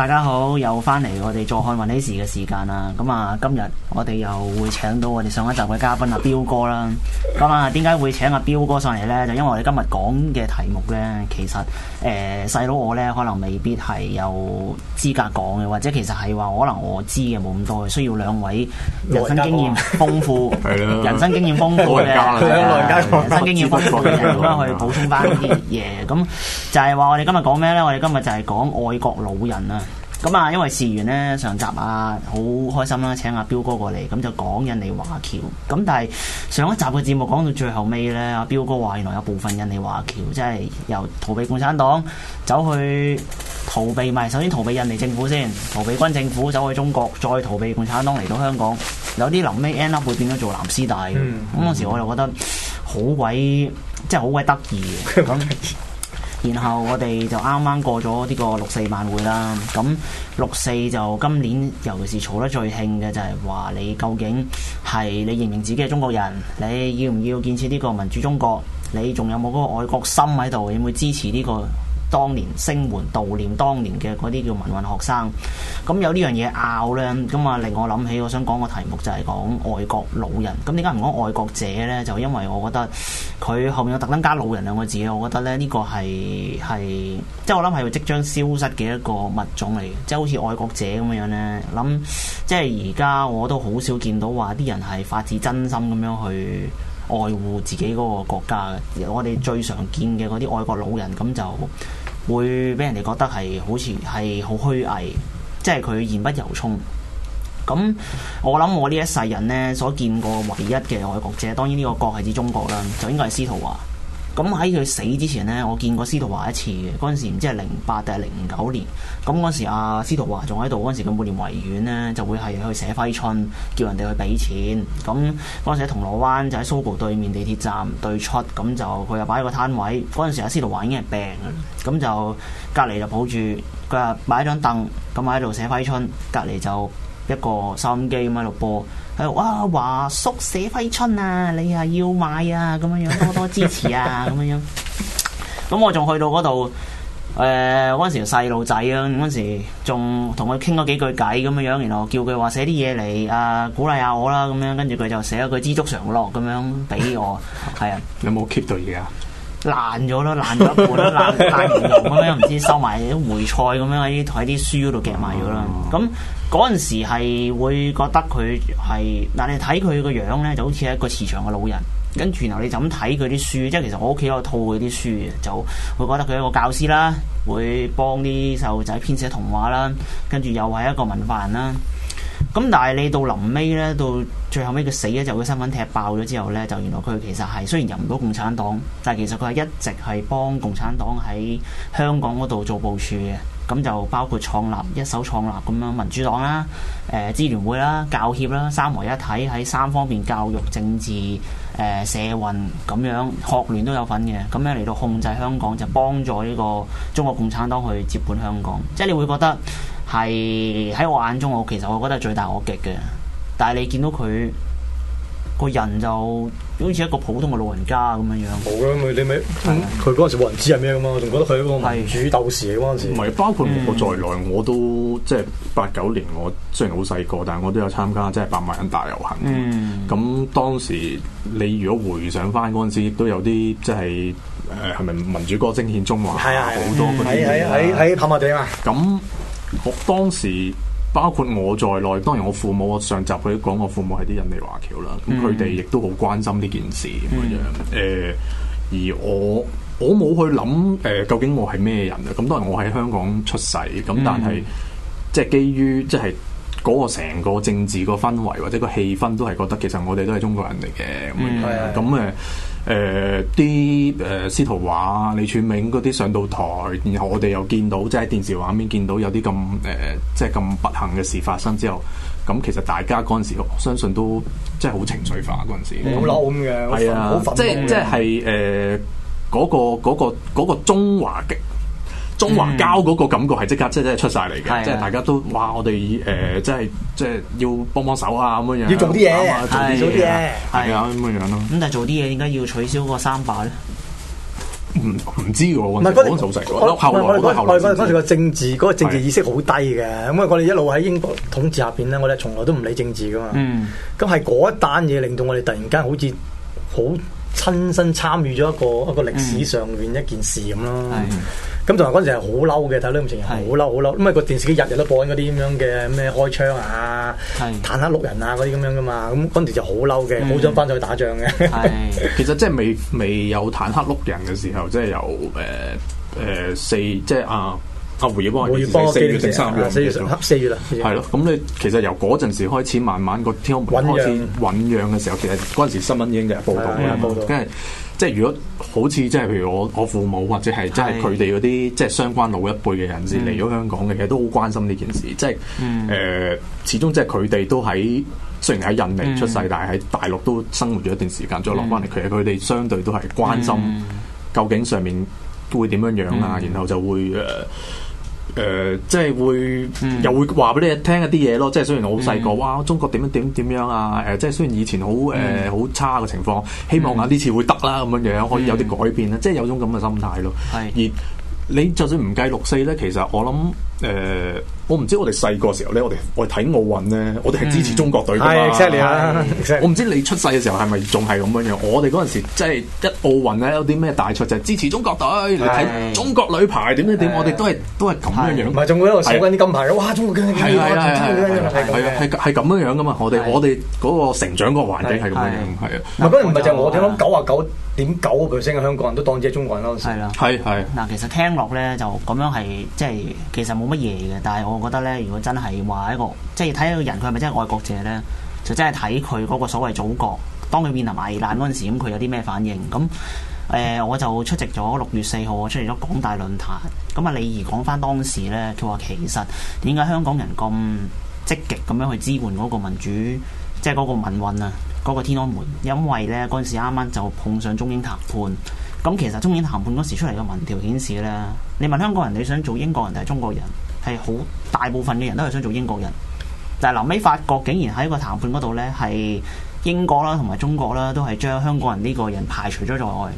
大家好，又翻嚟我哋坐看雲起時嘅時間啦。咁、嗯、啊，今日我哋又會請到我哋上一集嘅嘉賓阿彪哥啦。咁、嗯、啊，點、嗯、解、嗯、會請阿彪哥上嚟咧？就因為我哋今日講嘅題目咧，其實誒，細、呃、佬我咧可能未必係有資格講嘅，或者其實係話可能我知嘅冇咁多，需要兩位人生經驗豐富、啊、 人生經驗豐富嘅內、啊、家、人生經驗豐富嘅人、啊、 去補充翻啲嘢。咁、yeah, 嗯、就係、是、話我哋今日講咩咧？我哋今日就係講愛國老人啊。咁啊，因為事完事緣咧，上集啊，好開心啦、啊，請阿、啊、彪哥過嚟，咁就講印尼華僑。咁但係上一集嘅節目講到最後尾咧，阿彪哥話原來有部分印尼華僑即係由逃避共產黨走去逃避，咪首先逃避印尼政府先，逃避軍政府走去中國，再逃避共產黨嚟到香港，有啲臨尾 end up 會變咗做藍絲帶。咁當、嗯嗯、時我就覺得好鬼即係好鬼得意嘅。嗯 然後我哋就啱啱過咗呢個六四晚會啦。咁六四就今年尤其是吵得最興嘅就係話，你究竟係你認唔認自己係中國人？你要唔要建設呢個民主中國？你仲有冇嗰個愛國心喺度？你會唔會支持呢個？當年聲援悼念當年嘅嗰啲叫民運學生，咁有呢樣嘢拗呢？咁啊，令我諗起我想講個題目就係講愛國老人。咁點解唔講愛國者呢？就因為我覺得佢後面有特登加老人兩個字，我覺得咧，呢個係係即係我諗係會即將消失嘅一個物種嚟嘅，即係好似愛國者咁樣呢。諗，即係而家我都好少見到話啲人係發自真心咁樣去愛護自己嗰個國家嘅。我哋最常見嘅嗰啲愛國老人咁就。會俾人哋覺得係好似係好虛偽，即係佢言不由衷。咁我諗我一呢一世人咧所見過唯一嘅愛國者，當然呢個國係指中國啦，就應該係司徒華。咁喺佢死之前呢，我見過司徒華一次嘅，嗰陣時唔知係零八定係零九年。咁嗰陣時阿司徒華仲喺度，嗰陣時佢每年維園呢，就會係去寫揮春，叫人哋去俾錢。咁嗰陣時喺銅鑼灣就喺 SOGO 對面地鐵站對出，咁就佢又擺個攤位。嗰陣時阿司徒華已經係病，咁就隔離就抱住佢話擺張凳，咁喺度寫揮春，隔離就一個收音機咁喺度播。誒，哇、啊！華叔寫揮春啊，你啊要買啊，咁樣樣多多支持啊，咁樣樣。咁我仲去到嗰度，誒、呃，嗰陣時細路仔啊，嗰陣時仲同佢傾咗幾句偈咁樣樣，然後叫佢話寫啲嘢嚟啊，鼓勵下我啦，咁樣，跟住佢就寫咗句知足常樂咁樣俾我，係 啊。有冇 keep 到嘢啊？爛咗咯，爛咗半，爛爛完咁樣，唔知收埋啲回菜咁樣喺喺啲書嗰度夾埋咗啦。咁嗰陣時係會覺得佢係嗱，但你睇佢個樣咧，就好似一個慈祥嘅老人。跟住然後你就咁睇佢啲書，即係其實我屋企有套佢啲書嘅，就會覺得佢係一個教師啦，會幫啲細路仔編寫童話啦，跟住又係一個文化人啦。咁但係你到臨尾咧，到最後尾佢死咗，就個身份踢爆咗之後咧，就原來佢其實係雖然入唔到共產黨，但係其實佢係一直係幫共產黨喺香港嗰度做部署嘅。咁就包括創立一手創立咁樣民主黨啦、誒、呃、支聯會啦、教協啦，三合一體喺三方面教育、政治、誒、呃、社運咁樣學聯都有份嘅。咁樣嚟到控制香港就幫助呢個中國共產黨去接管香港，即係你會覺得。係喺我眼中，我其實我覺得係最大惡極嘅。但係你見到佢個人就好似一個普通嘅老人家咁樣樣。冇嘅、嗯，佢你咪佢嗰陣時冇人知係咩嘅嘛？我仲覺得佢係民主鬥士嘅嗰時。唔係、啊，包括我在內，我都即係八九年，我雖然好細個，但係我都有參加即係百萬人大遊行。咁、嗯、當時你如果回想翻嗰陣時，亦都有啲即係誒係咪民主歌聲獻中華？係啊，好多嗰啲嘢啊！喺喺喺跑馬地嘛、啊。咁我當時包括我在內，當然我父母，我上集佢講我父母係啲印尼華僑啦，咁佢哋亦都好關心呢件事咁樣。誒、嗯呃，而我我冇去諗誒、呃，究竟我係咩人啊？咁當然我喺香港出世，咁但係、嗯、即係基於即係嗰、嗰個成個政治個氛圍或者個氣氛都係覺得其實我哋都係中國人嚟嘅。嗯，係咁誒。誒啲誒司徒華李柱銘嗰啲上到台，然後我哋又見到即係電視畫面見到有啲咁誒，即係咁不幸嘅事發生之後，咁、嗯、其實大家嗰陣時相信都即係好情緒化嗰陣時，好嬲咁嘅係啊，即係即係係誒嗰個嗰、嗰個嗰、嗰個嗰個中華嘅。中華交嗰個感覺係即刻，即係出晒嚟嘅，即係大家都哇！我哋誒，即係即係要幫幫手啊咁樣樣，要做啲嘢，做啲嘢，係啊咁樣樣咯。咁但係做啲嘢，點解要取消個三罷咧？唔唔知喎，唔係嗰陣時做齊，後來後來嗰陣時個政治嗰個政治意識好低嘅，因為我哋一路喺英國統治下邊咧，我哋從來都唔理政治噶嘛。咁係嗰一單嘢令到我哋突然間好似好。親身參與咗一個一個歷史上面一件事咁咯，咁同埋嗰陣時係好嬲嘅，睇《諗情是》好嬲好嬲，因為個電視機日日都播緊嗰啲咁樣嘅咩開槍啊、是坦克轆人啊嗰啲咁樣噶嘛，咁嗰陣時就好嬲嘅，嗯、好想翻上去打仗嘅。係是 其實即係未未有坦克轆人嘅時候，就是呃呃、即係有誒誒四即係啊。阿胡耀邦我四月定三月？四月啊，係咯。咁你其實由嗰陣時開始，慢慢個天安門開始醖釀嘅時候，其實嗰陣時新聞已經嘅報道啦。報道，跟住即係如果好似即係譬如我我父母或者係即係佢哋嗰啲即係相關老一輩嘅人士嚟咗香港嘅，其實都好關心呢件事。即係誒，始終即係佢哋都喺雖然喺印尼出世，但係喺大陸都生活咗一段時間，再落翻嚟，其實佢哋相對都係關心究竟上面會點樣樣啊，然後就會誒。誒、呃，即係會、嗯、又會話俾你聽一啲嘢咯，即係雖然我好細個，哇！中國點樣點點樣啊？誒、呃，即係雖然以前好誒好差嘅情況，希望啊啲、嗯、次會得啦咁樣嘢，可以有啲改變啦，嗯、即係有種咁嘅心態咯。係是，而你就算唔計六四咧，其實我諗誒。呃我唔知我哋細個時候咧，我哋我哋睇奧運咧，我哋係支持中國隊噶啦。我唔知你出世嘅時候係咪仲係咁樣樣？我哋嗰陣時即係一奧運咧，有啲咩大賽就係支持中國隊嚟睇中國女排。點點點，我哋都係都係咁樣樣。唔係仲喺度睇緊啲金牌哇！中國嘅係咁樣樣噶嘛？我哋我哋嗰個成長個環境係咁樣樣係啊。唔係就我哋諗九啊九點九 percent 嘅香港人都當自己中國人咯。係啦，係係。嗱，其實聽落咧就咁樣係即係其實冇乜嘢嘅，但係我。我覺得咧，如果真係話一個，即係睇一個人佢係咪真係愛國者呢？就真係睇佢嗰個所謂祖國，當佢面臨危難嗰陣時，咁佢有啲咩反應？咁誒、呃，我就出席咗六月四號，我出席咗港大論壇。咁啊，李儀講翻當時呢，佢話其實點解香港人咁積極咁樣去支援嗰個民主，即係嗰個民運啊，嗰、嗰個天安門？因為呢，嗰陣時啱啱就碰上中英談判。咁其實中英談判嗰時出嚟嘅民調顯示呢，你問香港人你想做英國人定係中國人？係好大部分嘅人都係想做英國人，但係臨尾發覺竟然喺個談判嗰度呢，係英國啦，同埋中國啦，都係將香港人呢個人排除咗在外，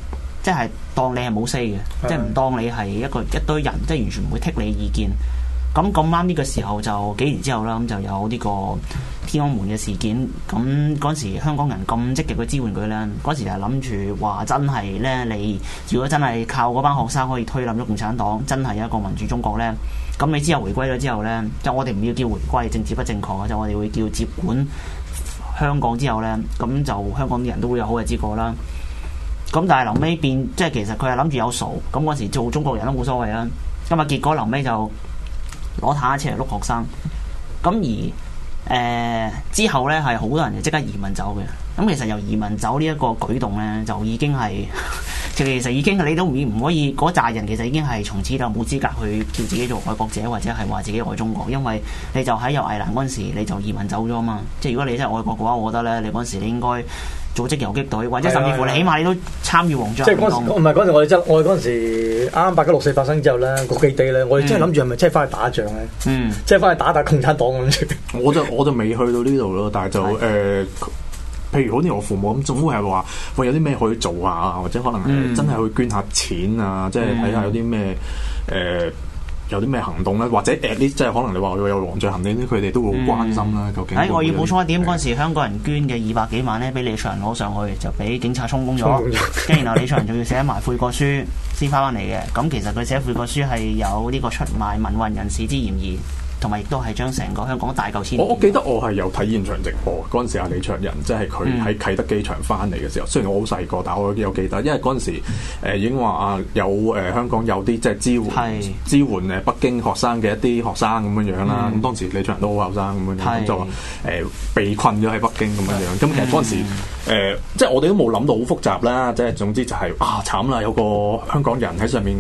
即係當你係冇 say 嘅，即係唔當你係一個一堆人，即係完全唔會剔你意見。咁咁啱呢個時候就幾年之後啦，咁就有呢個天安門嘅事件。咁嗰時香港人咁積極去支援佢呢，嗰時就諗住話真係呢，你如果真係靠嗰班學生可以推冧咗共產黨，真係一個民主中國呢。」咁你之後回歸咗之後呢，就我哋唔要叫回歸，政治不正確啊？就我哋會叫接管香港之後呢。咁就香港啲人都會有好日子過啦。咁但係臨尾變，即係其實佢係諗住有數。咁嗰時做中國人都冇所謂啦。咁啊，結果臨尾就攞坦克車嚟碌學生。咁而誒、呃、之後呢，係好多人就即刻移民走嘅。咁其實由移民走呢一個舉動呢，就已經係。 其實已經，你都唔可以嗰扎人，其實已經係從此就冇資格去叫自己做愛國者，或者係話自己愛中國，因為你就喺有危難嗰陣時，你就移民走咗啊嘛。即係如果你真係愛國嘅話，我覺得咧，你嗰陣時你應該組織遊擊隊，或者甚至乎你起碼你都參與王張。啊啊啊、即係嗰陣，唔係嗰陣，我哋我哋嗰陣時啱啱八九六四發生之後咧，嗰幾日咧，我哋真係諗住係咪真係返去打仗咧？嗯，即係返去打打共產黨咁樣。 我就我就未去到呢度咯，但係就誒。譬如好似我父母咁，總會係話會有啲咩可以做啊，或者可能係真係去捐下錢啊，嗯、即係睇下有啲咩誒有啲咩行動咧、啊，或者 a 啲即係可能你話有有黃雀行動咧，佢哋都會好關心啦、啊。嗯、究竟，喺我要補充一點，嗰陣、嗯、時香港人捐嘅二百幾萬咧，俾李卓人攞上去就俾警察充公咗，跟住然後李卓人仲要寫埋悔過書先翻翻嚟嘅。咁 其實佢寫悔過書係有呢個出賣民運人士之嫌疑。同埋亦都係將成個香港大嚿遷。我我記得我係有睇現場直播，嗰陣時阿李卓人即係佢喺啟德機場翻嚟嘅時候。雖然我好細個，但我有記得，因為嗰陣時已經話啊有誒香港有啲即係支援是支援誒北京學生嘅一啲學生咁樣樣啦。咁是當時李卓人都好後生咁樣，是就話誒被困咗喺北京咁樣樣。咁其實嗰陣時即係是、呃就是、我哋都冇諗到好複雜啦，即、就、係、是、總之就係、是、啊慘啦，有個香港人喺上面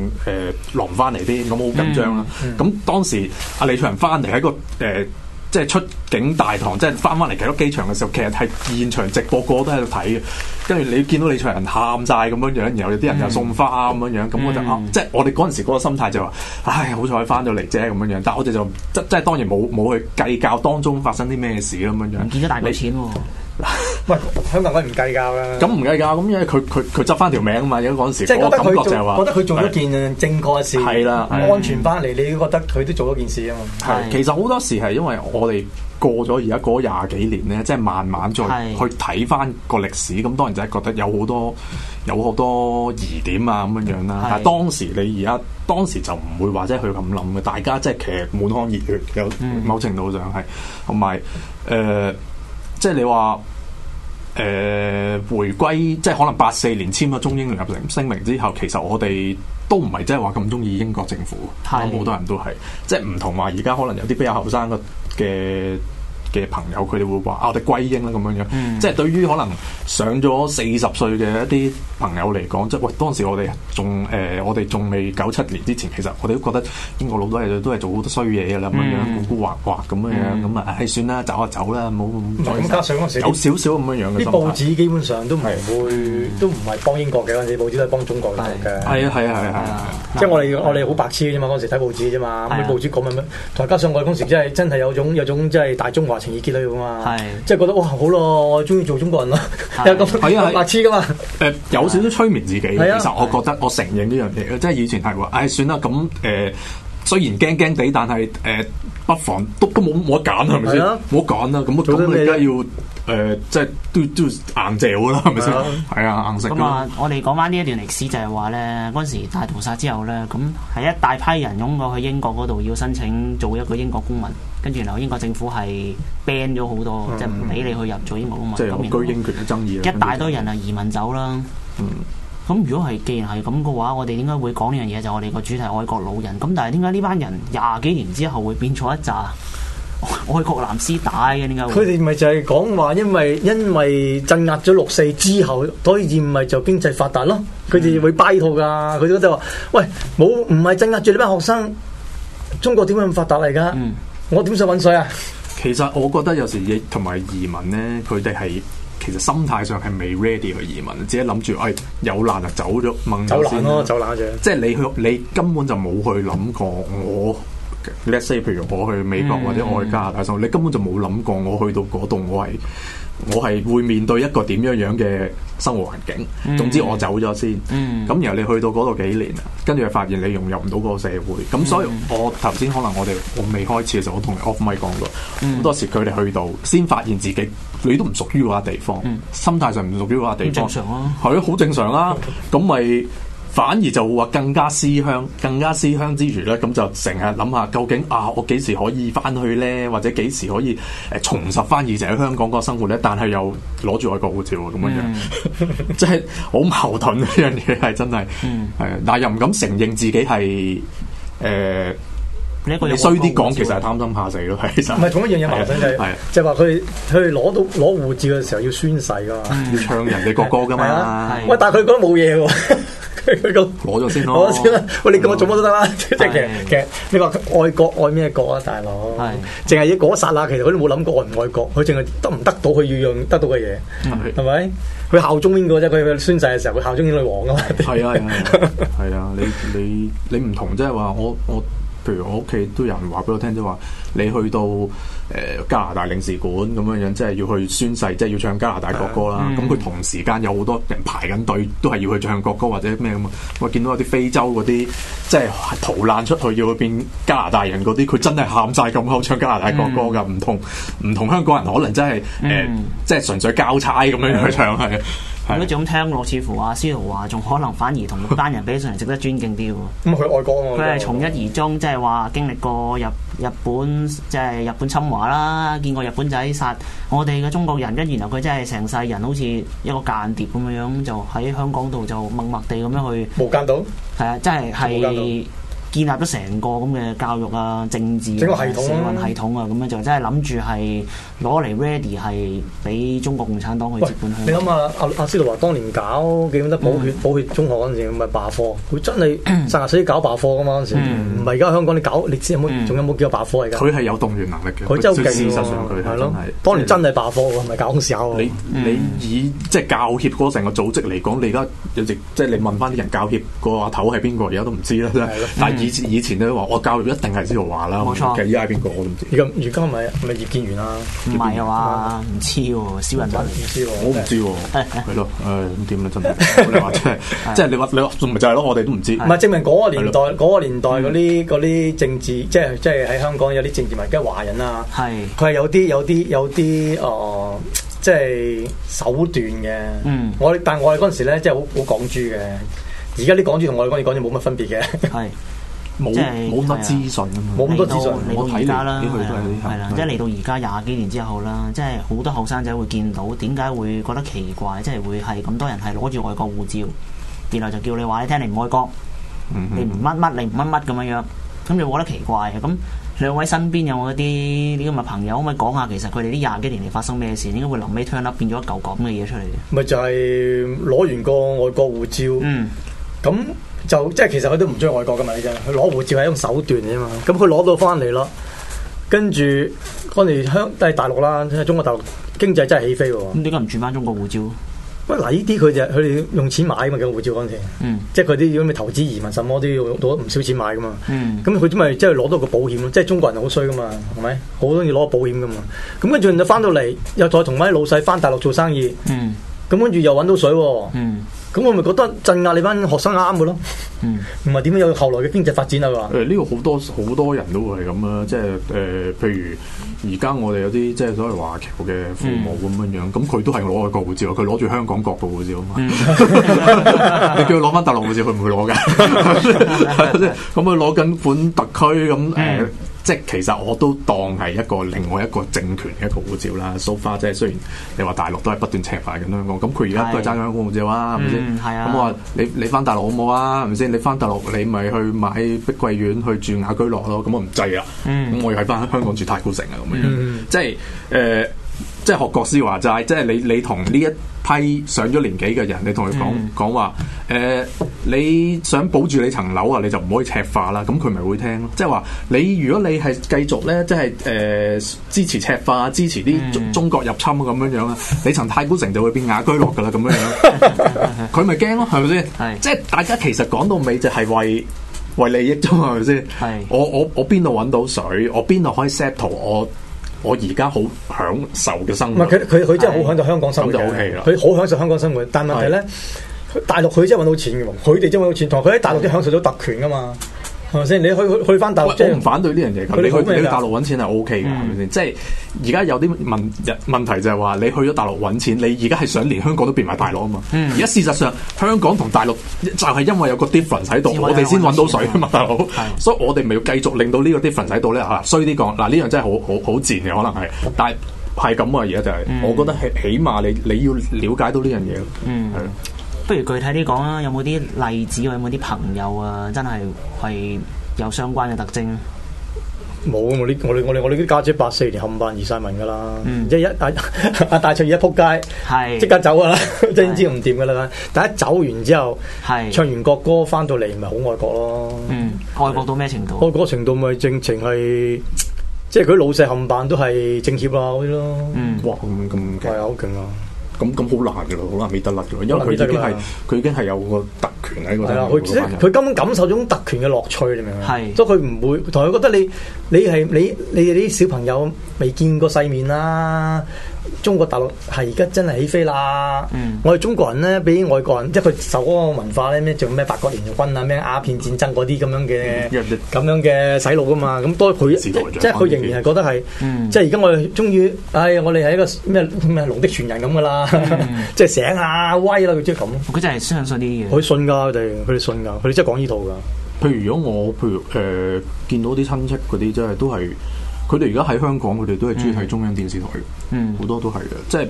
誒攔翻嚟啲，咁、呃、好緊張啦、啊。咁是是當時阿李卓人翻。翻嚟喺個誒、呃，即係出境大堂，即係翻翻嚟啟德機場嘅時候，其實係現場直播，個個都喺度睇嘅。跟住你見到李卓人喊晒咁樣樣，然後有啲人又送花咁樣樣，咁我就啊，嗯、即係我哋嗰陣時個心態就話、是，唉，好彩翻到嚟啫咁樣樣。但係我哋就即即係當然冇冇去計較當中發生啲咩事咁樣樣。唔見咗大把錢喎、啊。喂， 香港人唔計較噶。咁唔計較，咁因為佢佢佢執翻條命啊嘛！而家嗰陣時，即係覺得佢、就係、做，覺得佢做咗件正確嘅事。係啦，安全翻嚟，你都覺得佢都做咗件事啊嘛。係的的，其實好多時係因為我哋過咗而家嗰廿幾年咧，即係慢慢再去睇翻個歷史，咁的當然就係覺得有好多有好多疑點啊咁樣樣啦。的但係當時你而家當時就唔會話即係佢咁諗嘅，大家即係騎滿腔熱血，有某程度上係同埋誒。嗯即係你話，誒、呃、回歸，即係可能八四年簽咗中英聯合聲明之後，其實我哋都唔係真係話咁中意英國政府，好是多人都係，即係唔同話而家可能有啲比較後生嘅。嘅朋友佢哋會話啊，我哋歸英啦咁樣樣，即係對於可能上咗四十歲嘅一啲朋友嚟講，即係喂當時我哋仲誒，我哋仲未九七年之前，其實我哋都覺得英國佬多嘢，都係做好多衰嘢嘅啦咁樣樣，古古惑惑咁嘅樣，咁啊唉算啦，走啊走啦，冇咁加上嗰時有少少咁樣樣嘅報紙，基本上都唔係會都唔係幫英國嘅，嗰陣時報紙都係幫中國嘅，係啊係啊係啊，啊。即係我哋我哋好白痴啫嘛，嗰時睇報紙啫嘛，啲報紙咁樣樣，再加上我哋嗰時真係真係有種有種即係大中華。情意結嚟噶嘛，即係覺得哇，好咯，我中意做中國人咯，有咁白痴噶嘛？誒有少少催眠自己，其實我覺得我承認呢樣嘢，即係以前係話，唉算啦咁誒，雖然驚驚地，但係誒不妨都都冇冇得揀啦，係咪先？冇得揀啦，咁我咁你而家要誒即係都都硬嚼啦，係咪先？係啊，硬食咁啊！我哋講翻呢一段歷史就係話咧，嗰陣時大屠殺之後咧，咁係一大批人湧過去英國嗰度要申請做一個英國公民。跟住然後英國政府係 ban 咗好多，嗯、即係唔俾你去入做英國啊嘛。即係居英權嘅爭議。一大堆人啊移民走啦。咁、嗯、如果係既然係咁嘅話，我哋應該會講呢樣嘢，就我哋個主題愛國老人。咁但係點解呢班人廿幾年之後會變咗一紮愛國藍絲帶嘅？點解？佢哋咪就係講話，因為因為鎮壓咗六四之後，所以而咪就經濟發達咯。佢哋、嗯、會拜託㗎。佢哋就話，喂，冇唔係鎮壓住呢班學生，中國點解咁發達嚟㗎？嗯我點想揾水啊？其實我覺得有時亦同埋移民咧，佢哋係其實心態上係未 ready 去移民，只係諗住誒有難就走咗問先。走難咯，走難啫。啊啊、即係你去，你根本就冇去諗過我。Let's say, 譬如我去美國或者我去加拿大，就你根本就冇諗過我去到嗰度，我係我係會面對一個點樣樣嘅生活環境。Mm hmm. 總之我走咗先，咁、mm hmm. 然後你去到嗰度幾年啦，跟住又發現你融入唔到個社會。咁所以我頭先、mm hmm. 可能我哋我未開始嘅時候，我同你 off mic 講過，好多時佢哋去到先發現自己你都唔屬於嗰個地方，mm hmm. 心態上唔屬於嗰個地方，嗯、正常啊，係啊，好正常啊，咁咪。反而就會話更加思鄉，更加思鄉之餘咧，咁就成日諗下究竟啊，我幾時可以翻去咧，或者幾時可以誒重拾翻以前喺香港個生活咧？但係又攞住外國護照喎，咁樣即係好矛盾呢樣嘢，係真係，係、嗯、但又唔敢承認自己係誒你衰啲講，呃、其實係貪心怕死咯，係、嗯、其實唔係同一樣嘢矛盾嘅，係、啊啊、就話佢佢攞到攞護照嘅時候要宣誓噶嘛，要唱人哋國歌噶嘛， 喂，但係佢覺得冇嘢喎。 攞佢個攞咗先咯、啊，喂、 哎、你咁我做乜都得啦、啊，即係其實其實你話愛國愛咩國啊，大佬係，淨係的要嗰一剎那，其實佢都冇諗過愛唔愛國，佢淨係得唔得到佢要用得到嘅嘢，係咪的？佢效忠邊個啫？佢佢宣誓嘅時候，佢效忠英女王啊嘛，係啊係啊，係啊，你你你唔同，即係話我我，譬如我屋企都有人話俾我聽，即係話你去到。誒加拿大領事館咁樣樣，即係要去宣誓，即係要唱加拿大國歌啦。咁佢、嗯、同時間有好多人排緊隊，都係要去唱國歌或者咩啊嘛。我見到有啲非洲嗰啲，即係逃難出去要去變加拿大人嗰啲，佢真係喊晒咁口唱加拿大國歌噶，唔、嗯、同唔同香港人可能真係誒、嗯呃，即係純粹交差咁樣去唱係。嗯。如果仲聽落，似乎阿司徒華仲可能反而同班人比上嚟值得尊敬啲喎。咁佢、 嗯、外國喎，佢係從一而終，即係話經歷過日日本即係、就是、日本侵華啦，見過日本仔殺我哋嘅中國人，跟住然後佢真係成世人好似一個間諜咁樣樣，就喺香港度就默默地咁樣去。無間道。係啊，真係係。建立咗成個咁嘅教育啊、政治、整個系統啊、運系統啊，咁樣就真係諗住係攞嚟 ready 係俾中國共產黨去接管。喂，你諗下阿阿司徒華當年搞記得寶血寶血中學嗰陣時，咪罷課？佢真係殺死搞罷課噶嘛？嗰陣時唔係而家香港你搞，你知有冇仲有冇叫做罷課而家？佢係有動員能力嘅，佢真係事實上佢係真係。當年真係罷課㗎，係咪搞嘅時候。你你以即係教協嗰成個組織嚟講，你而家有即係你問翻啲人教協個阿頭係邊個，而家都唔知啦。但以前以前咧話，我教育一定係司徒華啦。冇錯，依家依家邊個我都唔知。而家依家咪咪葉建源啦，唔係啊嘛，唔知喎，小人物唔知喎，我唔知喎。係係係咯，誒點咧真係？你話即係即係你話你話，咪就係咯？我哋都唔知。唔係證明嗰個年代嗰個年代嗰啲啲政治，即係即係喺香港有啲政治，梗係華人啊，係佢係有啲有啲有啲誒，即係手段嘅。我但係我哋嗰陣時咧，即係好好港豬嘅。而家啲港豬同我哋講嘢，講嘢冇乜分別嘅。係。冇，冇乜沒是資訊咁樣。冇咁、啊、多資訊，到我睇啦。係啦、啊，即係嚟到而家廿幾年之後啦，即係好多後生仔會見到點解會覺得奇怪，即係會係咁多人係攞住外國護照，然後就叫你話你聽你唔愛國，嗯、哼你唔乜乜，你唔乜乜咁樣，咁你就覺得奇怪啊！咁兩位身邊有冇一啲呢啲咁嘅朋友可唔可以講下，其實佢哋啲廿幾年嚟發生咩事，應該會臨尾 turn up 變咗一嚿咁嘅嘢出嚟嘅？咪就係攞完個外國護照，嗯，咁。就即係其實佢都唔中意外國噶嘛，你真，佢攞護照係一種手段啫嘛。咁佢攞到翻嚟咯，跟住嗰陣香即係大陸啦，即係中國大陸經濟真係起飛喎。咁點解唔轉翻中國護照？喂，嗱，依啲佢就佢哋用錢買噶嘛，嘅護照嗰時，嗯，即係佢啲要咩投資移民什麼都要攞唔少錢買噶嘛，咁佢咪即係攞到個保險咯，即係中國人好衰噶嘛，係咪？好中意攞個保險噶嘛，咁跟住就翻到嚟又再同翻啲老細翻大陸做生意，嗯，咁跟住又揾到水、啊，嗯。咁我咪覺得鎮壓你班學生啱嘅咯，唔係點樣有後來嘅經濟發展啊嘛？誒，呢個好多好多人都係咁啊，即係誒、呃，譬如而家我哋有啲即係所謂華僑嘅父母咁樣樣，咁佢、mm. 都係攞外國護照，佢攞住香港國度護照啊嘛，你叫佢攞翻大陸護照，佢唔、mm. 會攞嘅、 嗯嗯，咁佢攞緊本特區咁誒。嗯 mm. 嗯即係其實我都當係一個另外一個政權嘅一個護照啦。So far，即係雖然你話大陸都係不斷赤發咁香港，咁佢而家都係爭香港護照啦，係咪先？咁我話、嗯啊、你你翻大陸好唔好啊？係咪先？你翻大陸你咪去買碧桂園去住雅居樂咯。咁、嗯嗯、我唔制啊。咁我又係翻香港住太古城啊。咁樣、嗯、即係誒。呃即係學國師話齋，即係你你同呢一批上咗年紀嘅人，你同佢講講話，誒、嗯呃，你想保住你層樓啊，你就唔可以赤化啦。咁佢咪會聽咯。即係話你如果你係繼續咧，即係誒、呃、支持赤化，支持啲中中國入侵咁、嗯、樣樣咧，你層太古城就會變雅居樂噶啦，咁樣樣。佢咪驚咯，係咪先？係是即係大家其實講到尾就係為為利益啫嘛，係咪先？係是我我我邊度揾到水，我邊度可以 settle 我。我而家好享受嘅生活，佢佢佢真係好享受香港生活，佢好、哎 OK、享受香港生活。但係問題咧，是大陸佢真係搵到錢嘅喎，佢哋真係搵到錢，同佢喺大陸都享受到特權㗎嘛。頭先你去去翻大陸，我唔反對呢樣嘢。你去你去大陸揾錢係 OK 嘅，係咪先？即係而家有啲問問題就係話你去咗大陸揾錢，你而家係想連香港都變埋大陸啊嘛？而家事實上香港同大陸就係因為有個 difference 喺度，我哋先揾到水啊嘛，大佬。所以我哋咪要繼續令到呢個 difference 喺度咧嚇，衰啲講嗱，呢樣真係好好好賤嘅，可能係，但係係咁啊！而家就係，我覺得起起碼你你要了解到呢樣嘢，嗯。不如具體啲講啦，有冇啲例子啊？有冇啲朋友啊？真係係有相關嘅特徵？啊？冇我啲我哋我哋我哋啲家姐八四年冚唪唥移晒民噶啦，即係、嗯、一阿阿大翠一仆街，即刻走噶啦，是 真係唔掂噶啦！是但一走完之後，是唱完國歌翻到嚟，咪好愛國咯。愛、嗯、國到咩程度？愛國程度咪正情係，即係佢老細冚唪唥都係政協啊嗰啲咯。嗯、哇咁咁，係啊好勁啊！ 咁咁好難㗎喇，好難未得甩㗎喇，因為佢已經係佢 已經係有個特權喺個身。係啊的，佢佢根本感受種特權嘅樂趣，你明唔明啊？即係佢唔會同佢覺得你你係你你哋啲小朋友未見過世面啦。中國大陸係而家真係起飛啦！嗯、我哋中國人咧，比外國人即係佢受嗰個文化咧，咩仲有咩八國聯軍啊、咩鴉片戰爭嗰啲咁樣嘅咁、嗯嗯、樣嘅洗腦噶嘛？咁多佢即係佢仍然係覺得係，即係而家我哋終於，哎我哋係一個咩咩龍的傳人咁噶啦！即係醒下威啦，佢即係咁。佢真係相信呢啲嘢，佢信噶，佢哋信噶，佢哋真係講呢套噶。譬如如果我譬如誒見到啲親戚嗰啲，真係都係。佢哋而家喺香港，佢哋都係中意睇中央電視台嘅，嗯、好多都係嘅。即係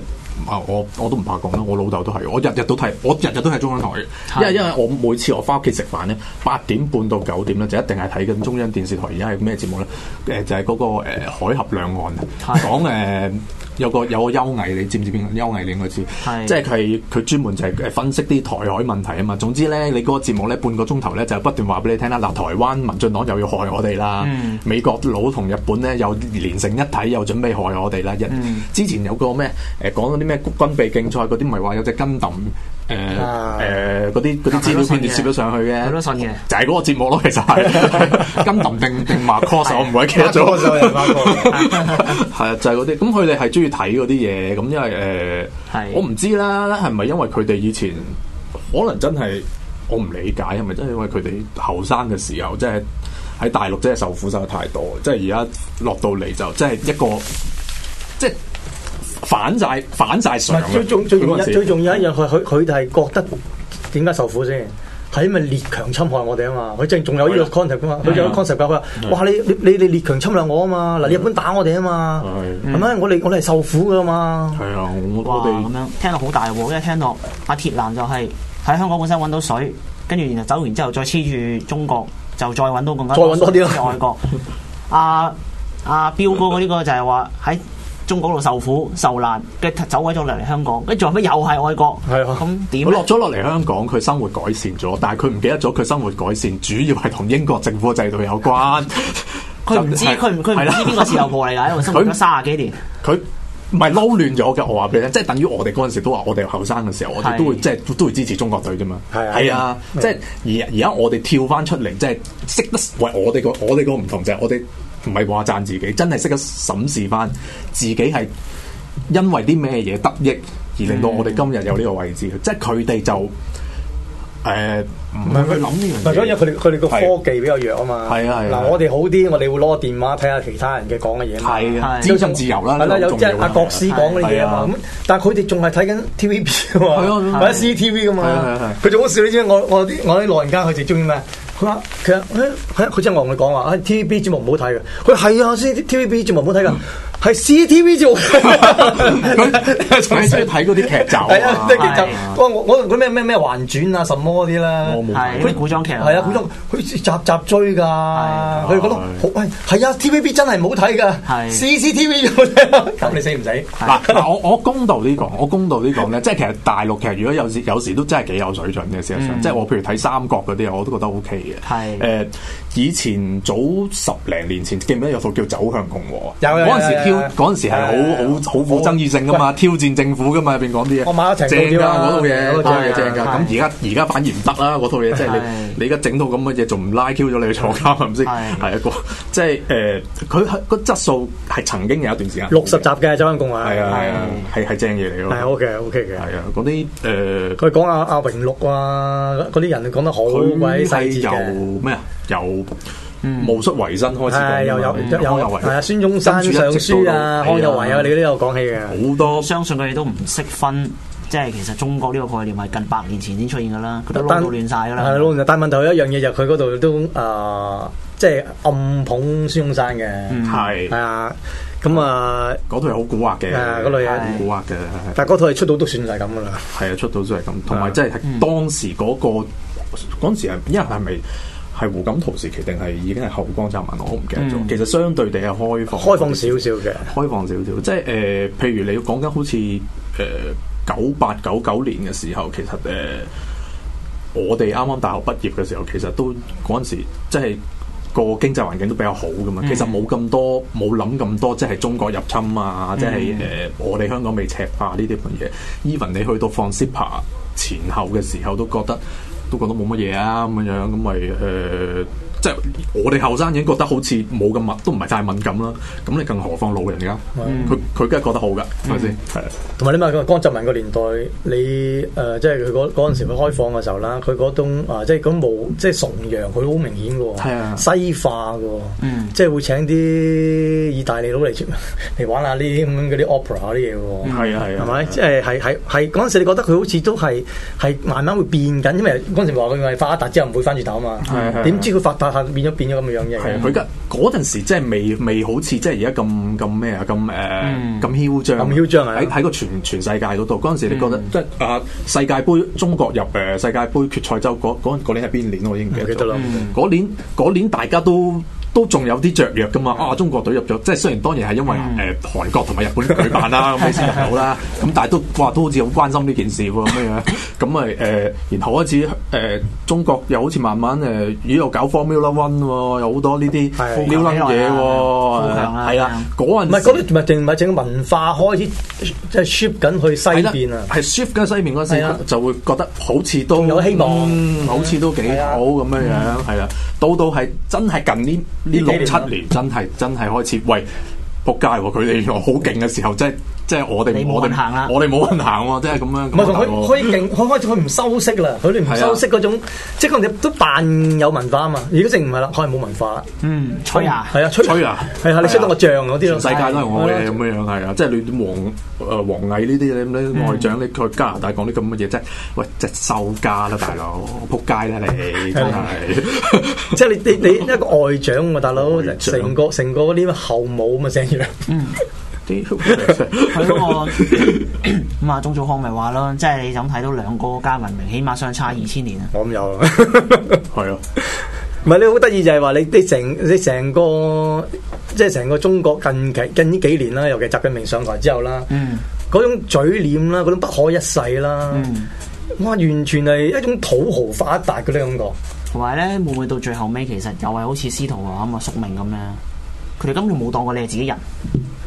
啊，我我都唔怕講啦，我老豆都係，我日日都睇，我日日都睇中央台。是的 因為因為我每次我返屋企食飯咧，八點半到九點咧就一定係睇緊中央電視台。而家係咩節目咧？誒就係、是、嗰個、呃、海峽兩岸啊，講誒是的 有個有個優藝，你知唔知邊個優藝，你應該知？係是即係佢係佢專門就係分析啲台海問題啊嘛。總之咧，你嗰個節目咧，半個鐘頭咧就不斷話俾你聽啦。嗱，台灣民進黨又要害我哋啦，嗯、美國佬同日本咧又連成一體，又準備害我哋啦。一、嗯、之前有個咩誒、呃、講嗰啲咩軍備競賽嗰啲，唔係話有隻根抌。誒誒，嗰啲嗰啲資料片就貼咗上去嘅，都信嘅，就係嗰個節目咯，其實係 金童定定馬 cross 我唔鬼記得咗嗰係啊，就係嗰啲，咁佢哋係中意睇嗰啲嘢，咁因為誒，呃、是我唔知啦，係咪因為佢哋以前，可能真係我唔理解，係咪真係因為佢哋後生嘅時候，即係喺大陸真係受苦受得太多，即係而家落到嚟就即、是、係一個即。反曬反曬最重最重要最重要一樣佢佢哋係覺得點解受苦先？係因為列強侵害我哋啊嘛！佢正仲有呢個 concept 噶嘛？佢有 concept 噶。佢話：哇！你你你列強侵略我啊嘛！嗱，日本打我哋啊嘛，係咪？我哋我哋係受苦噶嘛？係啊，我哋咁樣聽到好大鑊！一聽到阿鐵蘭就係喺香港本身揾到水，跟住然後走完之後再黐住中國，就再揾到更加多啲外國阿阿彪哥嗰呢個就係話喺中國度受苦受難嘅走鬼咗落嚟香港，跟住後尾又係愛國，咁點？佢落咗落嚟香港，佢生活改善咗，但係佢唔記得咗，佢生活改善主要係同英國政府制度有關。佢唔、就是、知，佢唔佢唔知邊個時候過嚟噶，因為生活咗卅幾年，佢唔係撈亂咗嘅。我話俾你聽，即係等於我哋嗰陣時都話，我哋後生嘅時候，我哋都會即係、就是、都會支持中國隊啫嘛。係啊，即係而而家我哋跳翻出嚟，即係識得為我哋個、就是、我哋個唔同就係我哋。唔係話讚自己，真係識得審視翻自己係因為啲咩嘢得益，而令到我哋今日有呢個位置，即係佢哋就誒唔會去諗呢樣。唔係嗰樣，佢哋佢哋個科技比較弱啊嘛。係啊，嗱我哋好啲，我哋會攞電話睇下其他人嘅講嘅嘢。係啊，資訊自由啦，係啦，有即係阿國師講嘅嘢啊嘛。咁但係佢哋仲係睇緊 TVB 噶嘛，或者 CTV 噶嘛。係係係。佢仲好笑，你知我我啲我啲老人家佢哋中意咩？其實佢真係我同佢講話，T V B 節目唔好睇嘅。佢係啊，先 T V B 節目唔好睇㗎，係 C C T V 節目。所以睇嗰啲劇集，啲劇集。我咩咩咩還轉啊，什麼嗰啲啦。我冇古裝劇。係啊，古裝佢集集追㗎。佢覺得係啊，T V B 真係唔好睇㗎。C C T V 好睇。你死唔死？嗱我我公道呢個，我公道呢個咧，即係其實大陸其實如果有時有時都真係幾有水準嘅。事實上，即係我譬如睇《三國》嗰啲我都覺得 O K 係誒，以前早十零年前，記唔記得有套叫《走向共和》？嗰陣時挑，嗰陣時係好好好冇爭議性噶嘛，挑戰政府噶嘛，入邊講啲嘢。我買咗成套啦，正噶嗰套嘢，嗰套嘢正噶咁而家而家反而唔得啦，嗰套嘢即係你你而家整套咁嘅嘢，仲唔拉 Q 咗你去坐監係咪先？係一個即係誒，佢係個質素係曾經有一段時間六十集嘅《走向共和》係啊係係正嘢嚟咯，係 OK OK 嘅係啊，嗰啲誒，佢講阿阿榮祿啊，嗰啲人講得好鬼細由咩啊？由戊戌維新開始，係又有有，康有為，係啊，孫中山上書啊，康有為啊，你都有講起嘅，好多。相信佢哋都唔識分，即係其實中國呢個概念係近百年前先出現噶啦，都亂到晒噶啦。係咯，但係問題有一樣嘢就佢嗰度都誒，即係暗捧孫中山嘅，係係啊，咁啊，嗰套係好蠱惑嘅，嗰套係好蠱惑嘅，但嗰套係出到都算係咁噶啦，係啊，出到都係咁，同埋即係當時嗰個。嗰陣時啊，因為係咪係胡錦濤時期定係已經係後江澤民，我唔記得咗。嗯、其實相對地係開放，開放少少嘅，開放少少。即係誒、呃，譬如你要講緊好似誒九八九九年嘅時候，其實誒、呃、我哋啱啱大學畢業嘅時候，其實都嗰陣時即係個經濟環境都比較好㗎嘛。嗯、其實冇咁多，冇諗咁多，即係中國入侵啊，嗯、即係誒、呃、我哋香港未赤化呢啲咁嘢。Even 你去到放 super 前後嘅時候，都覺得。.都覺得冇乜嘢，啊咁樣咁咪誒。 即係我哋後生已經覺得好似冇咁密，都唔係太敏感啦。咁你更何況老人㗎？佢佢梗係覺得好㗎，係咪先？係同埋你問個江澤民個年代，你誒即係佢嗰嗰時佢開放嘅時候啦，佢嗰種啊即係咁種即係崇洋，佢好明顯嘅喎。西化嘅喎。即係會請啲意大利佬嚟嚟玩下呢啲咁樣啲 opera 啲嘢喎。係啊係咪？即係係係係嗰時，你覺得佢好似都係係慢慢會變緊，因為嗰陣時話佢係發達之後唔會翻轉頭啊嘛。係點知佢發達？變咗變咗咁嘅樣嘅，係佢而家嗰陣時真係未未好似即係而家咁咁咩啊咁誒咁囂張，喺喺個全全世界嗰度，嗰陣時你覺得即係、嗯啊、世界盃中國入誒世界盃決賽周嗰年係邊年？我已經唔記得啦。嗯、嗰年嗰年大家都。都仲有啲雀躍噶嘛？啊，中國隊入咗，即係雖然當然係因為誒韓國同埋日本舉辦啦咁先入到啦。咁但係都話都好似好關心呢件事喎咩嘢？咁咪誒，然後開始誒中國又好似慢慢誒，咦又搞 Formula One，有好多呢啲咁樣嘅嘢喎。係啊，嗰陣唔係嗰啲，唔係淨整文化開始，即係 shift 緊去西邊啊。係 shift 緊西邊嗰時啦，就會覺得好似都有希望，好似都幾好咁樣樣。係啦，到到係真係近年。呢六七年真係真係開始，喂，仆街喎！佢哋好勁嘅時候 真係。即係我哋，冇得行啦，我哋冇得行喎，即係咁樣。唔係，佢可以勁，佢開始佢唔修飾啦，佢哋唔修飾嗰種，即係佢哋都扮有文化啊嘛，而家正唔係啦，可能冇文化。嗯，吹牙，係啊，吹牙，係啊，你識得我象嗰啲咯。世界都係我哋咁樣樣係啊，即係你啲王誒王毅呢啲咧外長，你去加拿大講啲咁嘅嘢即係。喂，隻獸家啦，大佬，撲街啦你，真係！即係你你你一個外長喎，大佬，成個成個嗰啲後母咁樣。啲佢嗰咁啊，鍾祖康咪話咯，即係你咁睇到兩個國家文明起碼相差二千年啊。我咁有係啊，唔係你好得意就係話你啲成你成個即係成個中國近期近呢幾年啦，尤其習近平上台之後啦，嗯，嗰種嘴臉啦，嗰種不可一世啦，嗯，哇，完全係一種土豪發達嗰啲感覺，同埋咧會唔會到最後尾其實又係好似司徒華咁啊，宿命咁咧？佢哋根本冇當過你係自己人。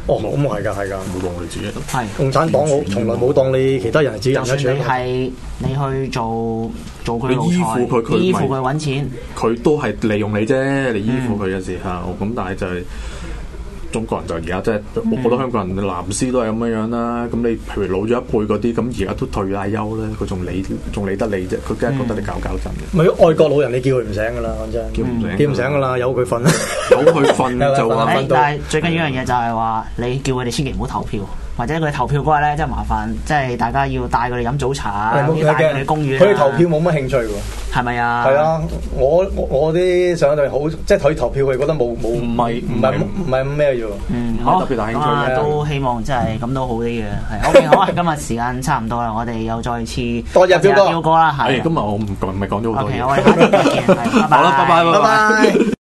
哦，咁啊係㗎，係㗎，唔會當你自己，共產黨我從來冇當你其他人係自己人。你係你去做做佢你依附佢，佢依附佢揾錢，佢都係利用你啫，你依附佢嘅時候，咁 但係就係、是。香港人就而家即係，我覺得香港人嘅藍絲都係咁樣樣啦。咁你譬如老咗一輩嗰啲，咁而家都退曬休咧，佢仲理仲理得你啫？佢梗係覺得你搞搞震。唔係，外國老人你叫佢唔醒噶啦，真係、嗯、叫唔醒， 叫唔醒噶啦，由佢瞓，由佢瞓就話。但係最緊要一樣嘢就係話，你叫佢哋千祈唔好投票。或者佢投票嗰日咧，真係麻煩，即係大家要帶佢哋飲早茶，帶佢哋公園。佢投票冇乜興趣喎，係咪啊？係啊，我我啲上一對好，即係佢投票，佢覺得冇冇唔係唔係唔係咩喎？嗯，特別大興趣，都希望即係咁都好啲嘅，係，OK，好啊！今日時間差唔多啦，我哋又再次多謝彪哥啦。係今日我唔唔係講咗好多嘢，拜拜，拜拜。